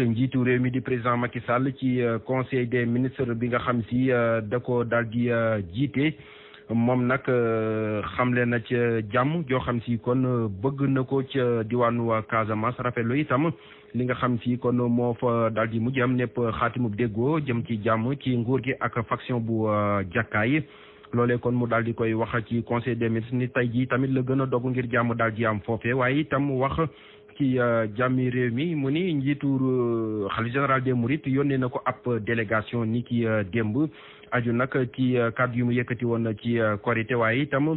ak njiitu réew mi di président Macky Sall ci euh, conseil des ministres bi nga xam si euh, da ko daal di euh, jiite moom nag xamle na ci jàmm joo xam si kon bëgg na ko ca diwaanu Casamance rafetlu itam li nga xam si kon moo fa daal di mujj am népp xaatimub déggo jëm ci jàmm ci nguur gi ak faction bu jàkkaay loole kon mu daal di koy wax ci conseil de ministres ni tey jii tamit la gën a dogg ngir jàmm daal di am foofe waaye itam wax. ci euh, jàmmi réew mi mu ni njiitu euh, xalif général des Mourides yónnee na ko ab délégation ni ki euh, démb aju nag ci kàddu yu mu yëkkati woon ci korité waaye itam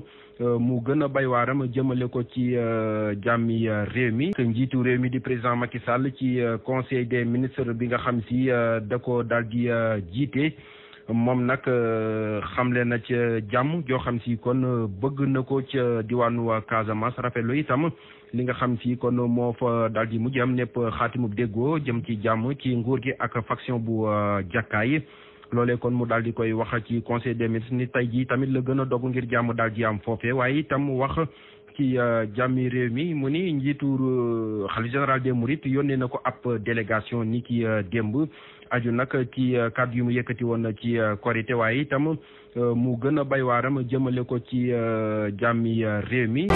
mu gën a bay waaram jëmale ko ci jàmmi réew mi njiitu réew mi di président Macky Sall ci conseil des ministres bi nga xam si da ko daal di jiite moom nag euh, xamle na ca jàmm joo xam si kon euh, bëgg na ko ca diwaanu Casamance rafetlu itam li nga xam si kon moo fa daal di mujj am népp xaatimub déggoo jëm ci jàmm ci nguur gi ak faction bu euh, jàkkaay loole kon mu daal di koy wax ci conseil des ministres ni tey jii tamit la gën a dogu ngir jàmm daal ji am foofe waaye itam wax ci euh, jàmmi réew mi mu ni njiitu euh, xalifa général des Mourides yónnee na ko ab délégation ni ki euh, démb aju nag ci kàddu yu mu yëkkati woon ci korité waaye itam mu gën a bay waaram jëmale ko ci jàmmi réew mi